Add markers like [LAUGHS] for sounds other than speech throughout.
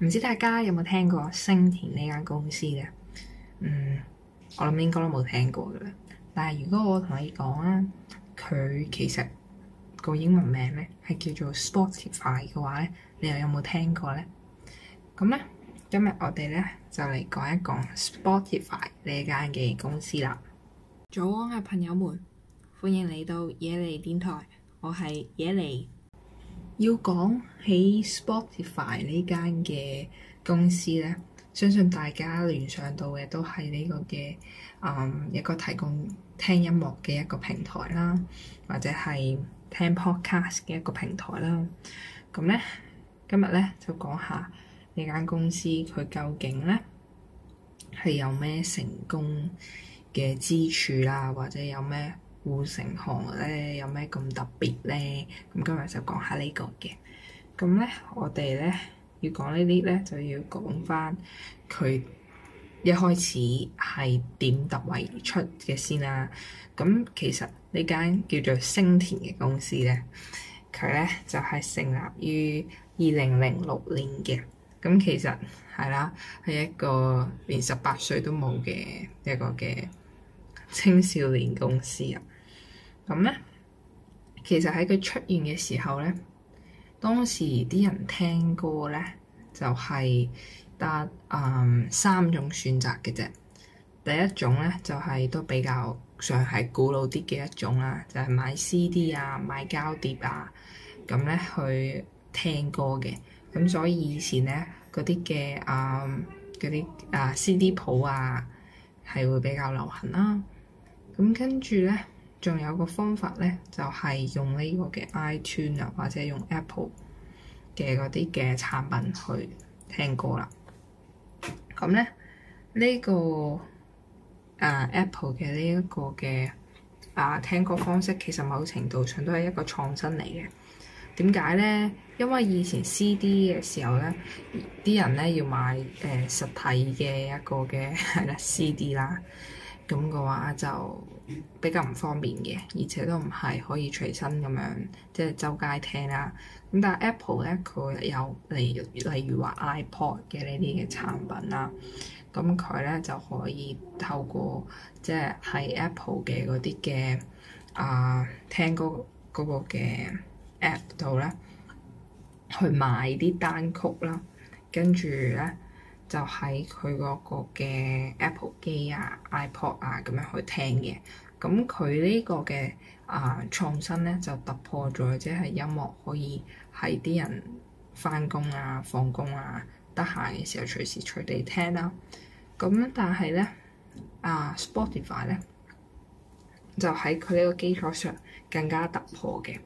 唔知大家有冇聽過星田呢間公司嘅？嗯，我諗應該都冇聽過噶啦。但係如果我同你講啊，佢其實個英文名咧係叫做 Spotify 嘅話咧，你又有冇聽過咧？咁、嗯、咧，今日我哋咧就嚟講一講 Spotify 呢間嘅公司啦。早安啊，朋友們，歡迎嚟到野尼電台，我係野尼。要講起 Spotify 呢間嘅公司咧，相信大家聯想到嘅都係呢個嘅，嗯，一個提供聽音樂嘅一個平台啦，或者係聽 Podcast 嘅一個平台啦。咁咧，今日咧就講下呢間公司佢究竟咧係有咩成功嘅支柱啦，或者有咩護城河咧有咩咁特別咧？咁今日就講下個呢個嘅。咁咧，我哋咧要講呢啲咧，就要講翻佢一開始係點突圍而出嘅先啦。咁其實呢間叫做升田嘅公司咧，佢咧就係、是、成立於二零零六年嘅。咁其實係啦，係一個連十八歲都冇嘅一個嘅青少年公司啊。咁咧、嗯，其實喺佢出現嘅時候咧，當時啲人聽歌咧就係得啊三種選擇嘅啫。第一種咧就係、是、都比較上係古老啲嘅一種啦，就係、是、買 CD 啊，買膠碟啊，咁咧去聽歌嘅。咁所以以前咧嗰啲嘅啊嗰啲啊 CD 鋪啊係會比較流行啦。咁跟住咧。仲有個方法咧，就係、是、用呢個嘅 iTunes 啊，或者用 Apple 嘅嗰啲嘅產品去聽歌啦。咁咧呢、呢個啊 Apple 嘅呢一個嘅啊聽歌方式，其實某程度上都係一個創新嚟嘅。點解咧？因為以前 CD 嘅時候咧，啲人咧要買誒、呃、實體嘅一個嘅 [LAUGHS] CD 啦。咁嘅話就比較唔方便嘅，而且都唔係可以隨身咁樣即係周街聽啦。咁但係 Apple 咧佢有例例如話 iPod 嘅呢啲嘅產品啦，咁佢咧就可以透過即係喺 Apple 嘅嗰啲嘅啊聽歌嗰個嘅 App 度咧去買啲單曲啦，跟住咧。就喺佢嗰個嘅 Apple 機啊、iPod 啊咁樣去聽嘅。咁佢呢個嘅啊、呃、創新咧就突破咗，即係音樂可以喺啲人返工啊、放工啊得閒嘅時候隨時隨地聽啦。咁但係咧啊，Spotify 咧就喺佢呢個基礎上更加突破嘅。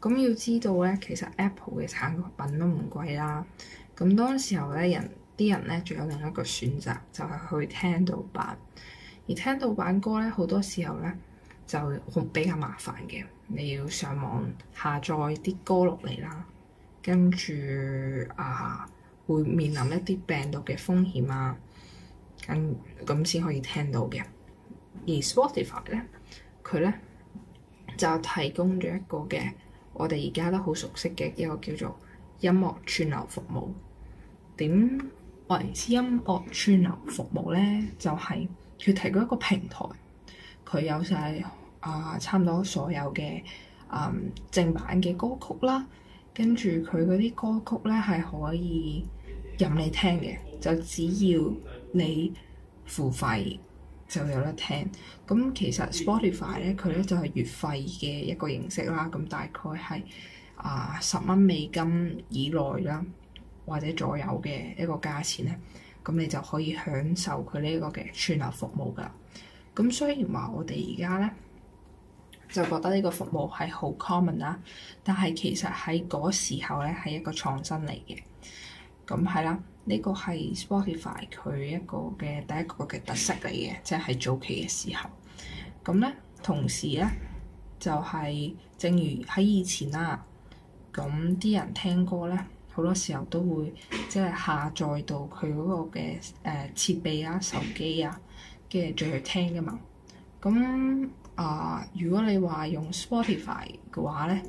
咁要知道咧，其實 Apple 嘅產品都唔貴啦。咁當時候咧人。啲人咧，仲有另一個選擇，就係去聽到版。而聽到版歌咧，好多時候咧就比較麻煩嘅，你要上網下載啲歌落嚟啦，跟住啊會面臨一啲病毒嘅風險啊，咁咁先可以聽到嘅。而 Spotify 咧，佢咧就提供咗一個嘅，我哋而家都好熟悉嘅一個叫做音樂串流服務，點？我哋知音樂串流服務咧，就係、是、佢提供一個平台，佢有晒啊、呃，差唔多所有嘅啊、呃、正版嘅歌曲啦，跟住佢嗰啲歌曲咧係可以任你聽嘅，就只要你付費就有得聽。咁其實 Spotify 咧，佢咧就係月費嘅一個形式啦，咁大概係啊、呃、十蚊美金以內啦。或者左右嘅一個價錢咧，咁你就可以享受佢呢一個嘅串流服務噶。咁雖然話我哋而家咧就覺得呢個服務係好 common 啦，但係其實喺嗰時候咧係一個創新嚟嘅。咁係啦，呢、這個係 Spotify 佢一個嘅第一個嘅特色嚟嘅，即係早期嘅時候。咁咧，同時咧就係、是、正如喺以前啦，咁啲人聽歌咧。好多時候都會即係下載到佢嗰個嘅誒、呃、設備啊、手機啊，跟住再去聽噶嘛。咁啊、呃，如果你用話用 Spotify 嘅話咧，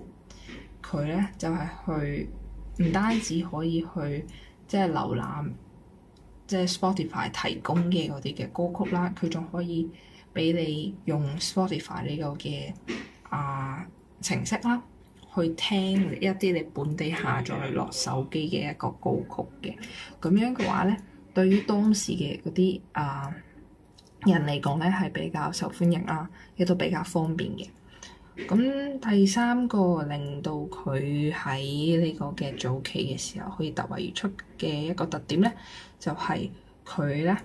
佢咧就係、是、去唔單止可以去即係瀏覽，即係 Spotify 提供嘅嗰啲嘅歌曲啦，佢仲可以俾你用 Spotify 呢個嘅啊、呃、程式啦。去聽一啲你本地下載落手機嘅一個歌曲嘅，咁樣嘅話咧，對於當時嘅嗰啲啊人嚟講咧，係比較受歡迎啦，亦都比較方便嘅。咁第三個令到佢喺呢個嘅早期嘅時候可以突圍而出嘅一個特點咧，就係佢咧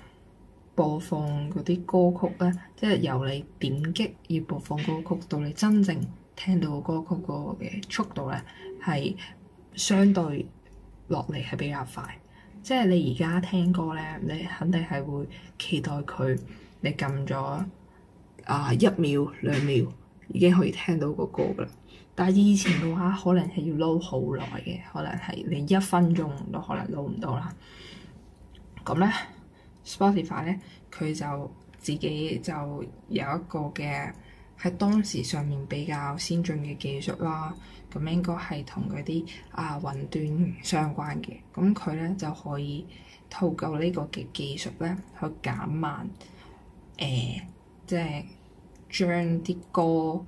播放嗰啲歌曲咧，即係由你點擊要播放歌曲到你真正聽到歌曲嗰個嘅速度咧，係相對落嚟係比較快，即係你而家聽歌咧，你肯定係會期待佢你撳咗啊一秒兩秒已經可以聽到個歌㗎喇，但係以前嘅話可能係要撈好耐嘅，可能係你一分鐘都可能撈唔到啦。咁咧，Spotify 咧佢就自己就有一個嘅。喺當時上面比較先進嘅技術啦，咁應該係同嗰啲啊雲端相關嘅，咁佢咧就可以透過呢個嘅技術咧去減慢，誒、呃、即係將啲歌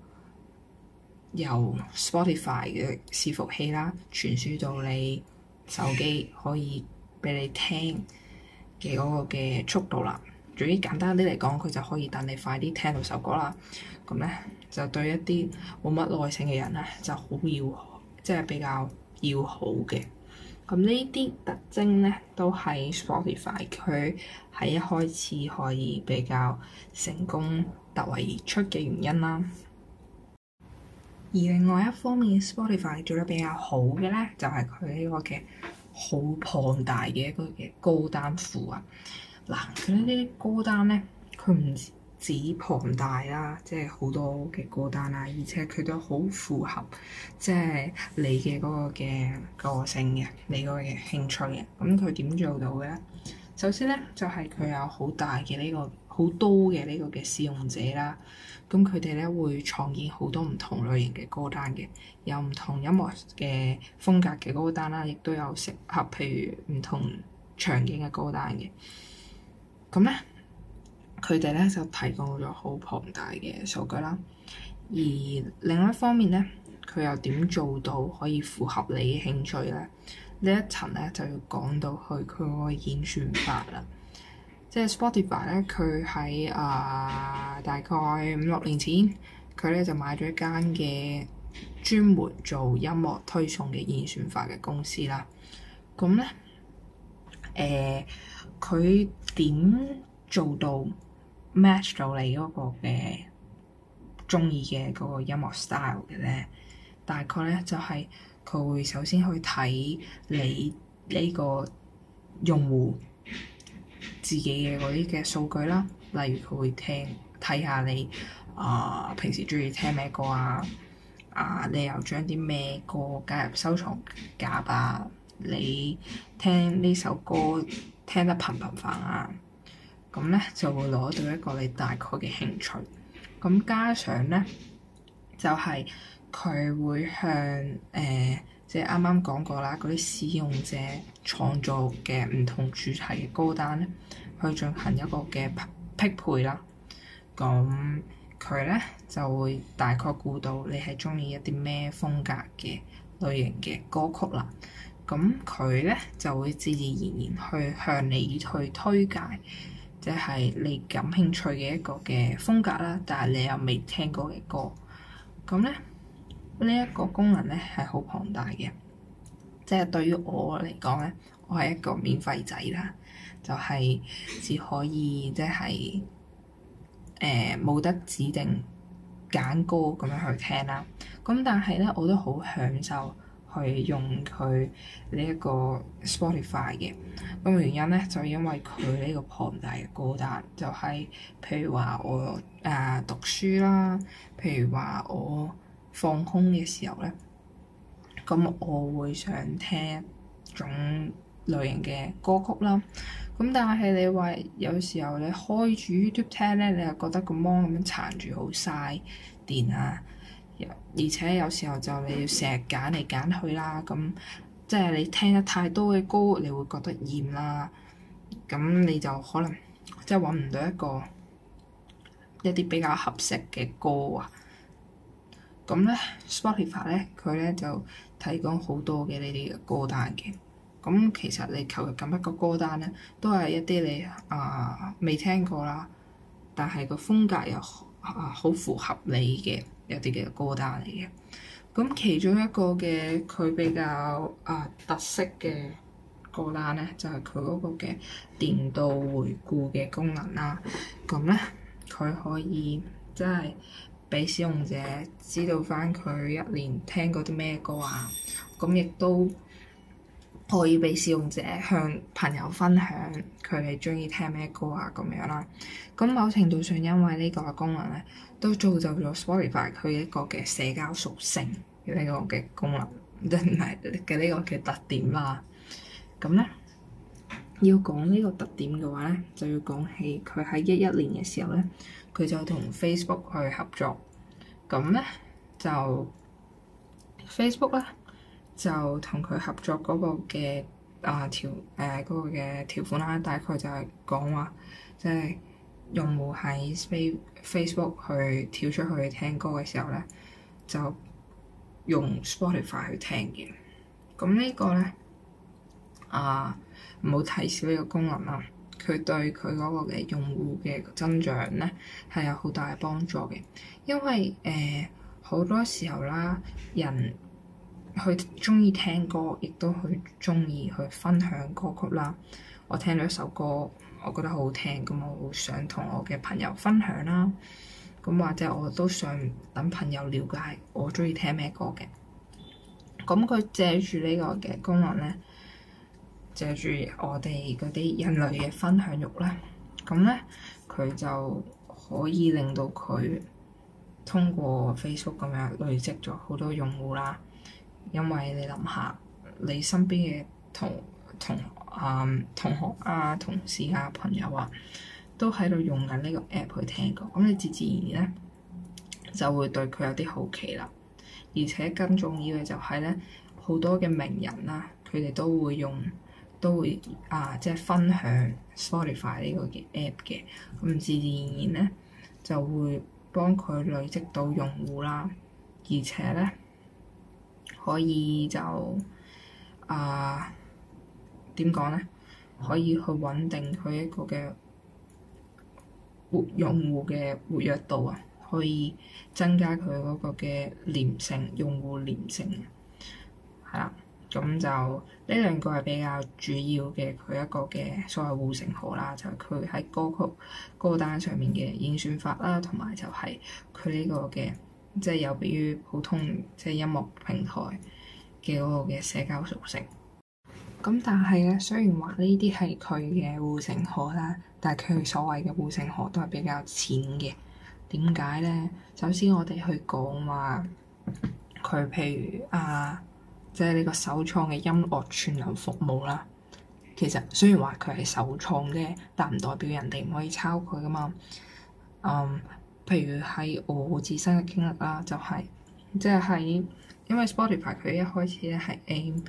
由 Spotify 嘅伺服器啦傳輸到你手機可以畀你聽嘅嗰個嘅速度啦。對於簡單啲嚟講，佢就可以等你快啲聽到首歌啦。咁咧就對一啲冇乜耐性嘅人咧，就好要即係比較要好嘅。咁呢啲特徵咧都係 Spotify 佢喺一開始可以比較成功突圍而出嘅原因啦。而另外一方面，Spotify 做得比較好嘅咧，就係佢呢個嘅好龐大嘅一個嘅高單庫啊。嗱，佢呢啲歌單咧，佢唔止龐大啦，即係好多嘅歌單啦，而且佢都好符合即係你嘅嗰個嘅個性嘅，你嗰個嘅興趣嘅。咁佢點做到嘅咧？首先咧，就係佢有好大嘅呢個好多嘅呢個嘅使用者啦。咁佢哋咧會創建好多唔同類型嘅歌單嘅，有唔同音樂嘅風格嘅歌單啦，亦都有適合譬如唔同場景嘅歌單嘅。咁咧，佢哋咧就提供咗好龐大嘅數據啦。而另一方面咧，佢又點做到可以符合你嘅興趣咧？呢一層咧就要講到去佢個演算法啦。即係 Spotify 咧，佢喺啊大概五六年前，佢咧就買咗一間嘅專門做音樂推送嘅演算法嘅公司啦。咁咧，誒、嗯、佢。呃點做到 match 到你嗰個嘅中意嘅嗰個音樂 style 嘅咧？大概咧就係、是、佢會首先去睇你呢個用戶自己嘅嗰啲嘅數據啦，例如佢會聽睇下你啊平時中意聽咩歌啊，啊你又將啲咩歌加入收藏夾啊，你聽呢首歌，聽得頻頻泛泛，咁咧就會攞到一個你大概嘅興趣，咁加上咧就係佢會向誒，即係啱啱講過啦，嗰啲使用者創作嘅唔同主題嘅歌單咧去進行一個嘅匹配啦，咁佢咧就會大概估到你係中意一啲咩風格嘅類型嘅歌曲啦。咁佢咧就會自自然然去向你去推介，即係你感興趣嘅一個嘅風格啦。但係你又未聽過嘅歌，咁咧呢一個功能咧係好龐大嘅。即係對於我嚟講咧，我係一個免費仔啦，就係只可以即係誒冇得指定揀歌咁樣去聽啦。咁但係咧，我都好享受。去用佢呢一個 Spotify 嘅，咁原因咧就係因為佢呢個龐大嘅歌單，就係、係、譬如話我誒、呃、讀書啦，譬如話我放空嘅時候咧，咁我會想聽種類型嘅歌曲啦。咁但係你話有時候你開住 YouTube 聽咧，你又覺得個芒咁樣攔住好嘥電啊～而且有時候就你要成日揀嚟揀去啦，咁即係你聽得太多嘅歌，你會覺得厭啦。咁你就可能即係揾唔到一個一啲比較合適嘅歌啊。咁呢，Spotify 呢，佢呢，呢就提供好多嘅呢啲歌單嘅。咁其實你求其咁一個歌單呢，都係一啲你啊未、呃、聽過啦，但係個風格又啊好、呃、符合你嘅。一啲嘅歌單嚟嘅，咁 [MUSIC] 其中一個嘅佢比較啊、呃、特色嘅歌單咧，就係佢嗰個嘅年度回顧嘅功能啦。咁咧，佢可以即係俾使用者知道翻佢一年聽過啲咩歌啊。咁亦都。可以俾使用者向朋友分享佢哋中意聽咩歌啊咁樣啦。咁某程度上，因為呢個功能咧，都造就咗 Spotify 佢一個嘅社交屬性呢、呢個嘅功能，即係唔係嘅呢個嘅特點啦。咁咧要講呢個特點嘅話咧，就要講起佢喺一一年嘅時候咧，佢就同 Facebook 去合作。咁咧就 Facebook 咧。就同佢合作嗰嘅啊條誒嗰、呃嗰個嘅條款啦，大概就係講話，即係用戶喺 Facebook 去跳出去聽歌嘅時候咧，就用 Spotify 去聽嘅。咁呢個咧啊，唔好睇少呢個功能啦，佢對佢嗰個嘅用戶嘅增長咧係有好大幫助嘅，因為誒好、呃、多時候啦人。佢鍾意聽歌，亦都佢鍾意去分享歌曲啦。我聽到一首歌，我覺得好好聽，咁我好想同我嘅朋友分享啦。咁或者我都想等朋友了解我鍾意聽咩歌嘅。咁佢借住呢個嘅功能咧，借住我哋嗰啲人類嘅分享欲咧，咁咧佢就可以令到佢通過 Facebook 咁樣累積咗好多用戶啦。因為你諗下，你身邊嘅同同啊同學啊、同事啊、朋友啊，都喺度用緊呢個 app 去聽歌，咁你自自然然咧就會對佢有啲好奇啦。而且更重要嘅就係咧，好多嘅名人啦、啊，佢哋都會用都會啊，即係分享 Spotify 呢個嘅 app 嘅，咁，自自然然咧就會幫佢累積到用戶啦，而且咧。可以就啊點講咧？可以去穩定佢一個嘅活用戶嘅活躍度啊，可以增加佢嗰個嘅粘性、用戶粘性。係啦，咁就呢兩個係比較主要嘅佢一個嘅所謂護城河啦，就係佢喺歌曲歌單上面嘅演算法啦，同埋就係佢呢個嘅。即係有別於普通即係音樂平台嘅嗰個嘅社交屬性。咁但係咧，雖然話呢啲係佢嘅護城河啦，但係佢所謂嘅護城河都係比較淺嘅。點解咧？首先我哋去講話佢，譬如啊，即係呢個首創嘅音樂串流服務啦。其實雖然話佢係首創嘅，但唔代表人哋唔可以抄佢㗎嘛。嗯。譬如係我自身嘅經歷啦，就係，就係即係喺因為 Spotify 佢一開始咧係 aim，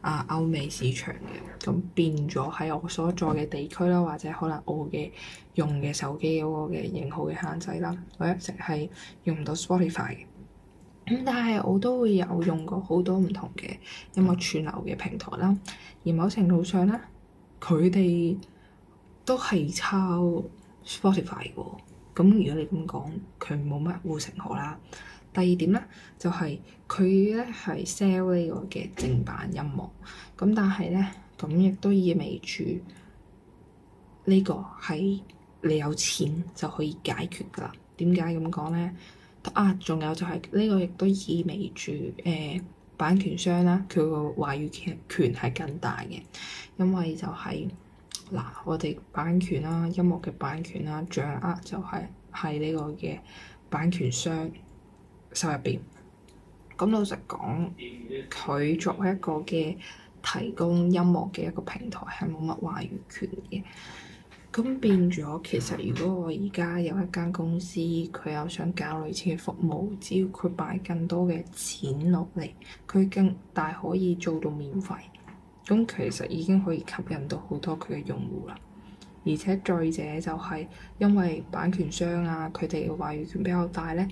啊歐美市場嘅，咁變咗喺我所在嘅地區啦，或者可能我嘅用嘅手機嗰個嘅型號嘅限制啦，我一直係用唔到 Spotify 嘅。咁但係我都會有用過好多唔同嘅音樂串流嘅平台啦，而某程度上咧，佢哋都係抄 Spotify 嘅。咁如果你咁講，佢冇乜護城河啦。第二點咧，就係佢咧係 sell 呢個嘅正版音樂，咁但係咧，咁亦都意味住呢個係你有錢就可以解決㗎啦。點解咁講咧？啊，仲有就係呢個亦都意味住誒、呃、版權商啦，佢個話語權權係更大嘅，因為就係、是。嗱，我哋版權啦，音樂嘅版權啦，掌握就係喺呢個嘅版權商手入邊。咁老實講，佢作為一個嘅提供音樂嘅一個平台，係冇乜話語權嘅。咁變咗，其實如果我而家有一間公司，佢又想搞類似嘅服務，只要佢擺更多嘅錢落嚟，佢更大可以做到免費。咁其實已經可以吸引到好多佢嘅用戶啦，而且再者就係因為版權商啊，佢哋嘅話語權比較大咧，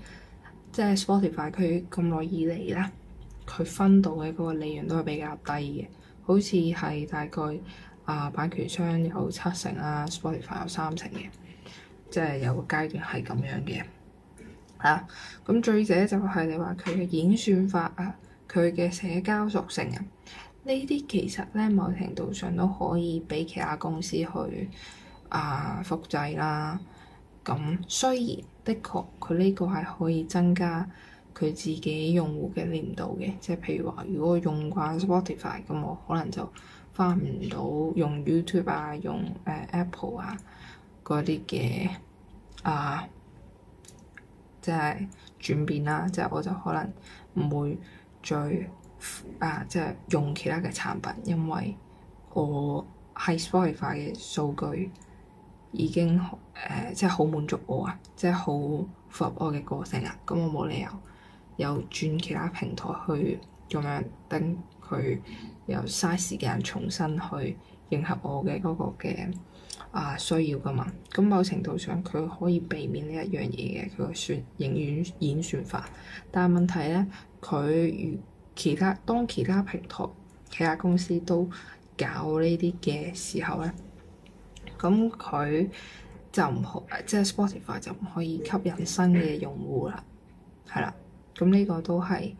即係 Spotify 佢咁耐以嚟咧，佢分到嘅嗰個利潤都係比較低嘅，好似係大概啊、呃、版權商有七成啊，Spotify 有三成嘅，即係有個階段係咁樣嘅嚇。咁、啊、再者就係你話佢嘅演算法啊，佢嘅社交屬性啊。呢啲其實咧，某程度上都可以畀其他公司去啊複製啦。咁雖然的確佢呢個係可以增加佢自己用戶嘅黏度嘅，即係譬如話，如果我用慣 Spotify，咁我可能就翻唔到用 YouTube 啊，用啊 Apple 啊嗰啲嘅啊，即係轉變啦。即係我就可能唔會再。啊！即係用其他嘅產品，因為我喺 Spotify 嘅數據已經誒、呃，即係好滿足我啊，即係好符合我嘅個性啊。咁我冇理由又轉其他平台去咁樣等佢又嘥時間重新去迎合我嘅嗰個嘅啊、呃、需要㗎嘛。咁某程度上佢可以避免呢一樣嘢嘅，佢算仍然演算法，但係問題咧，佢如其他當其他平台、其他公司都搞呢啲嘅時候咧，咁佢就唔好，即係 Spotify 就唔可以吸引新嘅用戶啦，係啦，咁呢個都係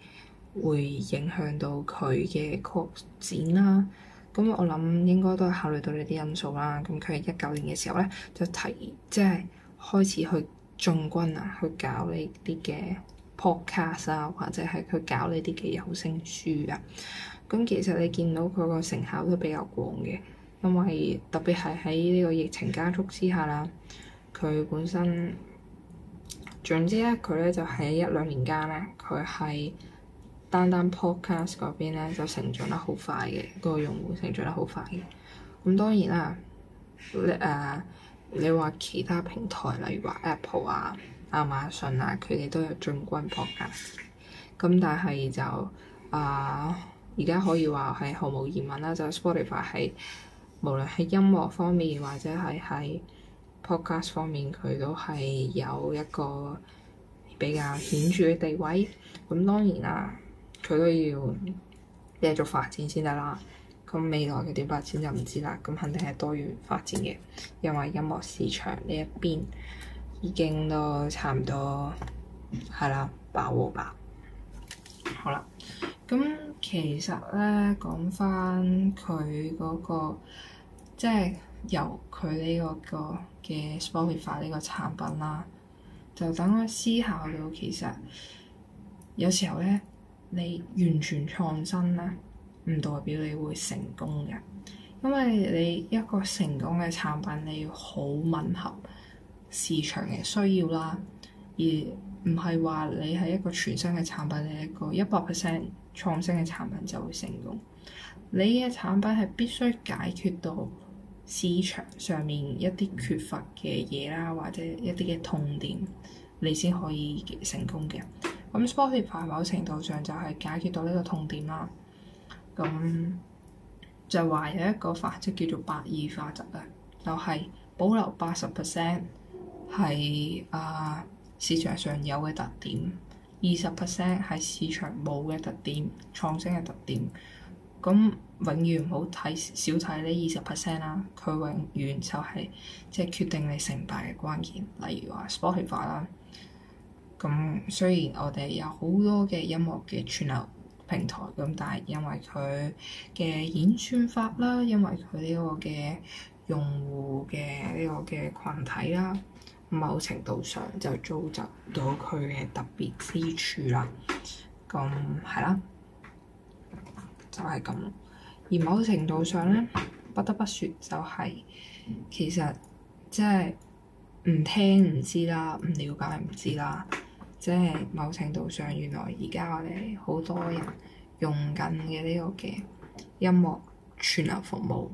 會影響到佢嘅擴展啦。咁我諗應該都係考慮到呢啲因素啦。咁佢喺一九年嘅時候咧，就提即係開始去進軍啊，去搞呢啲嘅。Podcast 啊，或者係佢搞呢啲嘅有聲書啊，咁其實你見到佢個成效都比較廣嘅，因為特別係喺呢個疫情加速之下啦，佢本身總之咧，佢咧就喺、是、一兩年間咧，佢喺單單 Podcast 嗰邊咧就成長得好快嘅，那個用戶成長得好快嘅。咁當然啦，誒你話、啊、其他平台例如話 Apple 啊。亞馬遜啊，佢哋都有進軍 Podcast，咁但係就啊，呃、而家可以話係毫無疑問啦，就 Spotify 係無論喺音樂方面或者係喺 Podcast 方面，佢都係有一個比較顯著嘅地位。咁當然啦，佢都要繼續發展先得啦。咁未來佢點發展就唔知啦。咁肯定係多元發展嘅，因為音樂市場呢一邊。已經都差唔多係啦，飽和吧。好啦，咁其實咧講翻佢嗰個，即係由佢呢個嘅 Spotify 呢個產品啦，就等我思考到其實有時候咧，你完全創新咧，唔代表你會成功嘅，因為你一個成功嘅產品你要好吻合。市場嘅需要啦，而唔係話你係一個全新嘅產品，你一個一百 percent 創新嘅產品就會成功。你嘅產品係必須解決到市場上面一啲缺乏嘅嘢啦，或者一啲嘅痛點，你先可以成功嘅。咁 Spotify 某程度上就係解決到呢個痛點啦。咁就話有一個法則叫做八二法則啊，就係、是、保留八十 percent。係啊，市場上有嘅特點，二十 percent 係市場冇嘅特點，創新嘅特點。咁永遠唔好睇少睇呢二十 percent 啦，佢永遠就係即係決定你成敗嘅關鍵。例如話 Spotify 啦，咁雖然我哋有好多嘅音樂嘅串流平台咁，但係因為佢嘅演算法啦，因為佢呢個嘅用戶嘅呢個嘅群體啦。某程度上就造就到佢嘅特別之處啦。咁係啦，就係、是、咁。而某程度上咧，不得不說就係、是、其實即係唔聽唔知啦，唔了解唔知啦。即係某程度上，原來而家我哋好多人用緊嘅呢個嘅音樂串流服務，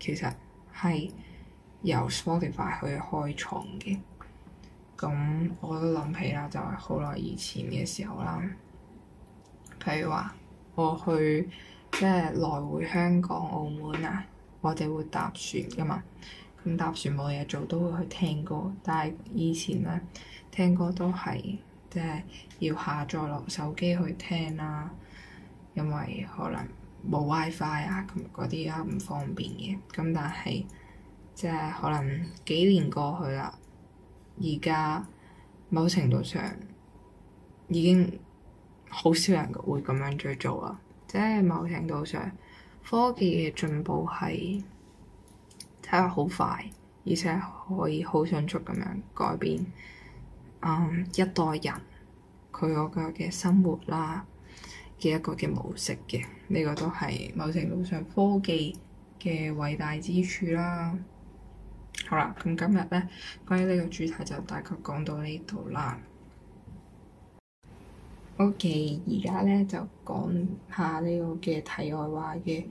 其實係，由 Spotify 去開創嘅，咁我都諗起啦，就係好耐以前嘅時候啦。譬如話，我去即係來回香港、澳門啊，我哋會搭船㗎嘛。咁搭船冇嘢做，都會去聽歌。但係以前咧，聽歌都係即係要下載落手機去聽啦、啊，因為可能冇 WiFi 啊，咁嗰啲啊唔方便嘅。咁但係。即係可能幾年過去啦，而家某程度上已經好少人會咁樣去做啦。即係某程度上，科技嘅進步係睇下好快，而且可以好迅速咁樣改變、嗯、一代人佢個嘅生活啦嘅一個嘅模式嘅。呢個都係某程度上科技嘅偉大之處啦。好啦，咁今日咧，關於呢個主題就大概講到呢度啦。OK，而家咧，就講下呢個嘅題外話嘅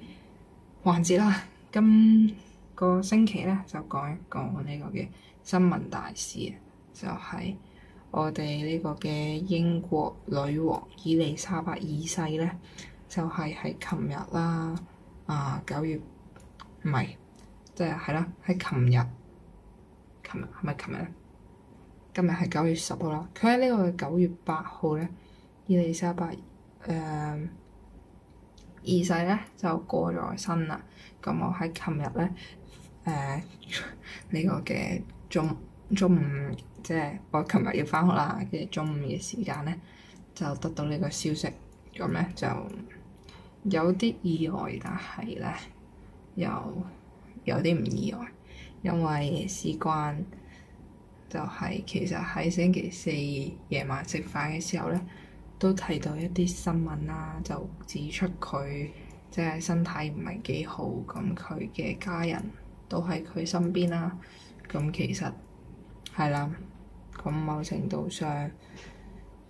環節啦。今個星期咧，就講一講呢個嘅新聞大事，就係啊，我哋呢個嘅英國女王伊利沙伯二世咧，就係喺琴日啦，啊九月唔係。即係係啦，喺琴日，琴日係咪琴日？今日係九月十號啦。佢喺呢個九月八號咧，伊利沙伯誒、呃、二世咧就過咗身啦。咁我喺琴日咧誒呢、呃這個嘅中中午，即、就、係、是、我琴日要返學啦。跟住中午嘅時間咧，就得到呢個消息。咁咧就有啲意外，但係咧又～有啲唔意外，因為事關就係其實喺星期四夜晚食飯嘅時候咧，都睇到一啲新聞啦、啊，就指出佢即係身體唔係幾好，咁佢嘅家人都喺佢身邊啦、啊。咁其實係啦，咁某程度上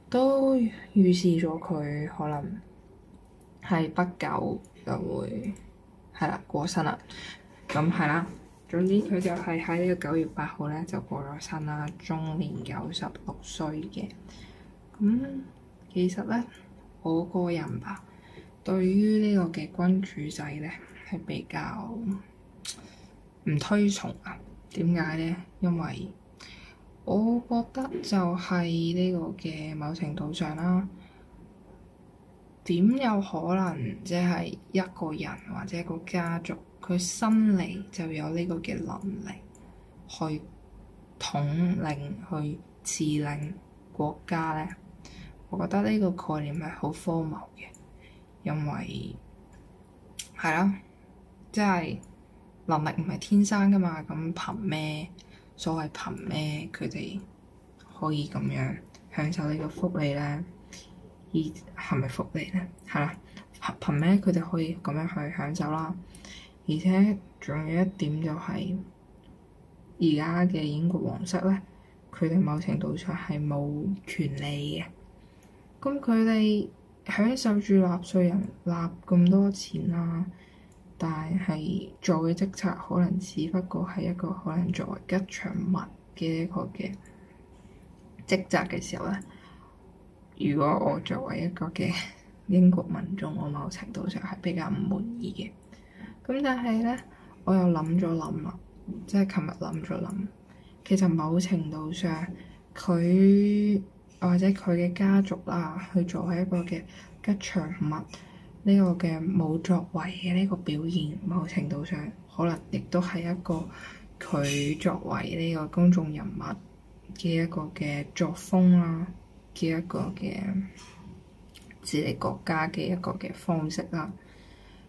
都預示咗佢可能係不久就會係啦過身啦。咁係啦，總之佢就係喺呢個九月八號咧，就過咗身啦，終年九十六歲嘅。咁、嗯、其實咧，我個人吧，對於呢個嘅君主制咧，係比較唔推崇啊。點解咧？因為我覺得就係呢個嘅某程度上啦，點有可能即係一個人或者一個家族？佢生嚟就有呢個嘅能力去統領、去指領國家咧。我覺得呢個概念係好荒謬嘅，因為係啦，即係、啊、能力唔係天生噶嘛。咁憑咩，所謂憑咩佢哋可以咁樣享受呢個福利咧？而係咪福利咧？係啦、啊，憑咩佢哋可以咁樣去享受啦？而且仲有一點就係、是，而家嘅英國皇室咧，佢哋某程度上係冇權利嘅。咁佢哋享受住納稅人納咁多錢啊，但係做嘅職責可能只不過係一個可能作為吉祥物嘅一個嘅職責嘅時候咧。如果我作為一個嘅英國民眾，我某程度上係比較唔滿意嘅。咁但係咧，我又諗咗諗啦，即係琴日諗咗諗，其實某程度上，佢或者佢嘅家族啦，去做一個嘅吉祥物呢個嘅冇作為嘅呢個表現，某程度上可能亦都係一個佢作為呢個公眾人物嘅一個嘅作風啦，嘅一個嘅治理國家嘅一個嘅方式啦。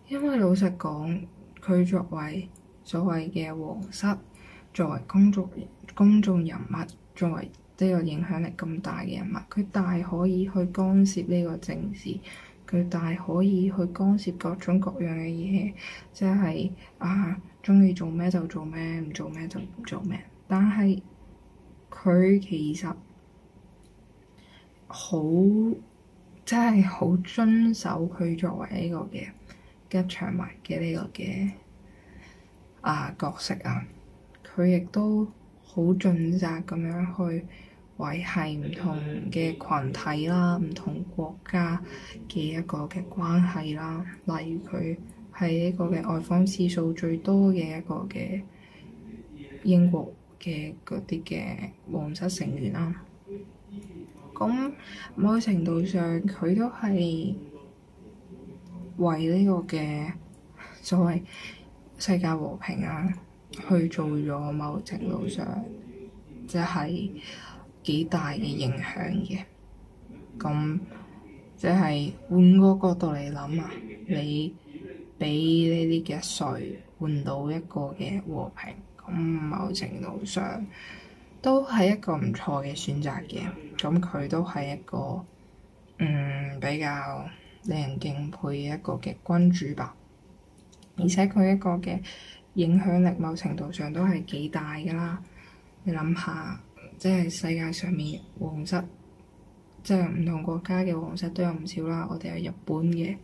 因為老實講，佢作為所謂嘅皇室，作為公眾公眾人物，作為呢個影響力咁大嘅人物，佢大可以去干涉呢個政治，佢大可以去干涉各種各樣嘅嘢，即係啊，鍾意做咩就做咩，唔做咩就唔做咩。但係佢其實好，即係好遵守佢作為呢個嘅。一場埋嘅呢個嘅、啊、角色啊，佢亦都好盡責咁樣去維繫唔同嘅群體啦、啊、唔同國家嘅一個嘅關係啦、啊。例如佢係呢個嘅外訪次數最多嘅一個嘅英國嘅嗰啲嘅皇室成員啦、啊。咁某程度上佢都係。為呢個嘅所謂世界和平啊，去做咗某程度上，即係幾大嘅影響嘅。咁即係換個角度嚟諗啊，你畀呢啲嘅稅換到一個嘅和平，咁某程度上都係一個唔錯嘅選擇嘅。咁佢都係一個，嗯，比較，令人敬佩嘅一個嘅君主吧，而且佢一個嘅影響力，某程度上都係幾大㗎啦。你諗下，即係世界上面皇室，即係唔同國家嘅皇室都有唔少啦。我哋有日本嘅，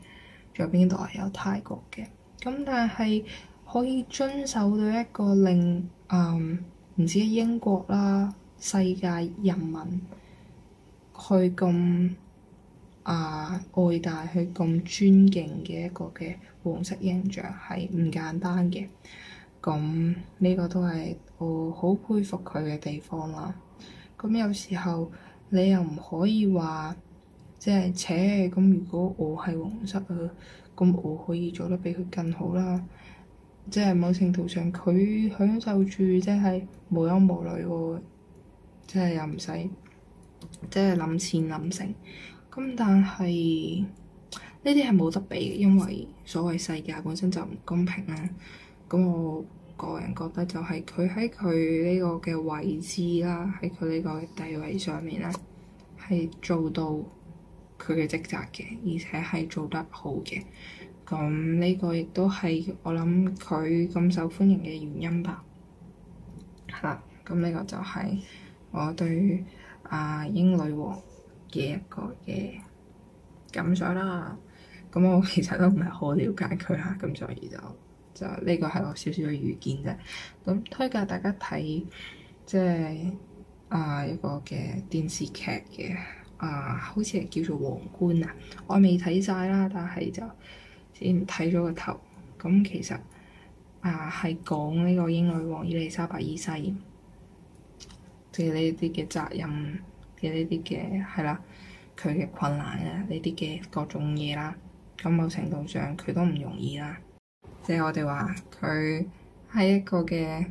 仲有邊度係有泰國嘅。咁但係可以遵守到一個令，嗯，唔止英國啦，世界人民去咁。啊！愛戴佢咁尊敬嘅一個嘅皇室形象係唔簡單嘅，咁呢個都係我好佩服佢嘅地方啦。咁有時候你又唔可以話即係，扯。咁如果我係皇室，啊，咁我可以做得比佢更好啦。即係某程度上，佢享受住即係無憂無慮喎、啊，即係又唔使即係諗錢諗成。咁但係呢啲係冇得比嘅，因為所謂世界本身就唔公平啦。咁我個人覺得就係佢喺佢呢個嘅位置啦，喺佢呢個地位上面啦，係做到佢嘅職責嘅，而且係做得好嘅。咁呢個亦都係我諗佢咁受歡迎嘅原因吧。嚇！咁呢個就係我對阿、啊、英女王。嘅一個嘅感想啦，咁我其實都唔係好了解佢啦，咁所以就就呢個係我少少嘅預見啫。咁推介大家睇即係啊一個嘅電視劇嘅啊，好似係叫做、啊《皇冠》啊，我未睇晒啦，但係就先睇咗個頭。咁其實啊係講呢個英女王伊麗莎白二世，即係呢啲嘅責任。嘅呢啲嘅係啦，佢嘅困難呀，呢啲嘅各種嘢啦，咁某程度上佢都唔容易啦。即係我哋話佢喺一個嘅，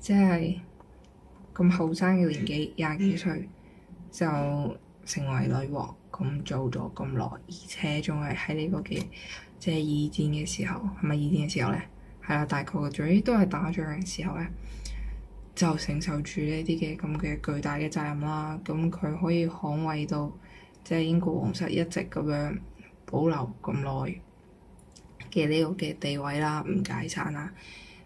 即係咁後生嘅年紀，廿幾歲就成為女王，咁做咗咁耐，而且仲係喺呢個嘅即係二戰嘅時候，係咪二戰嘅時候咧？係啦，大概最都係打仗嘅時候咧。就承受住呢啲嘅咁嘅巨大嘅責任啦，咁佢可以捍衞到即係、就是、英國皇室一直咁樣保留咁耐嘅呢個嘅地位啦，唔解散啦，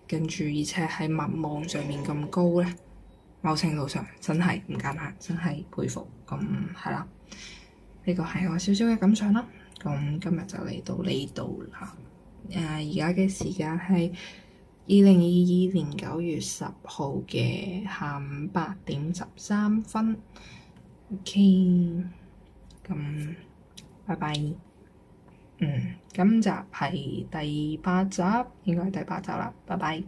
跟住而且喺民望上面咁高咧，某程度上真係唔簡單，真係佩服，咁係啦，呢、這個係我少少嘅感想啦，咁今日就嚟到呢度啦，誒而家嘅時間係。二零二二年九月十號嘅下午八點十三分，OK，咁，拜拜。嗯，今集係第八集，應該係第八集啦。拜拜。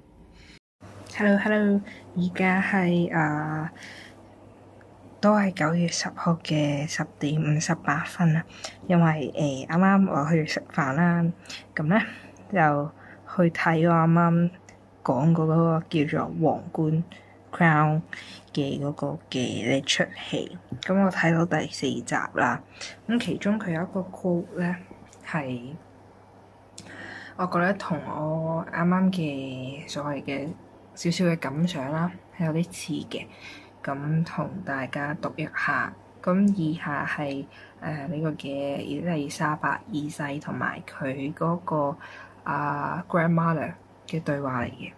Hello，Hello，而家係啊，uh, 都係九月十號嘅十點五十八分啊。因為誒啱啱我去食飯啦，咁咧就去睇我啱啱講過嗰個叫做《皇冠》（Crown） 嘅嗰個嘅呢出戲，咁我睇到第四集啦。咁其中佢有一個 quote 咧，係我覺得同我啱啱嘅所謂嘅少少嘅感想啦，係有啲似嘅。咁同大家讀一下。咁以下係誒呢個嘅伊利沙伯二世同埋佢嗰個啊、呃、grandmother 嘅對話嚟嘅。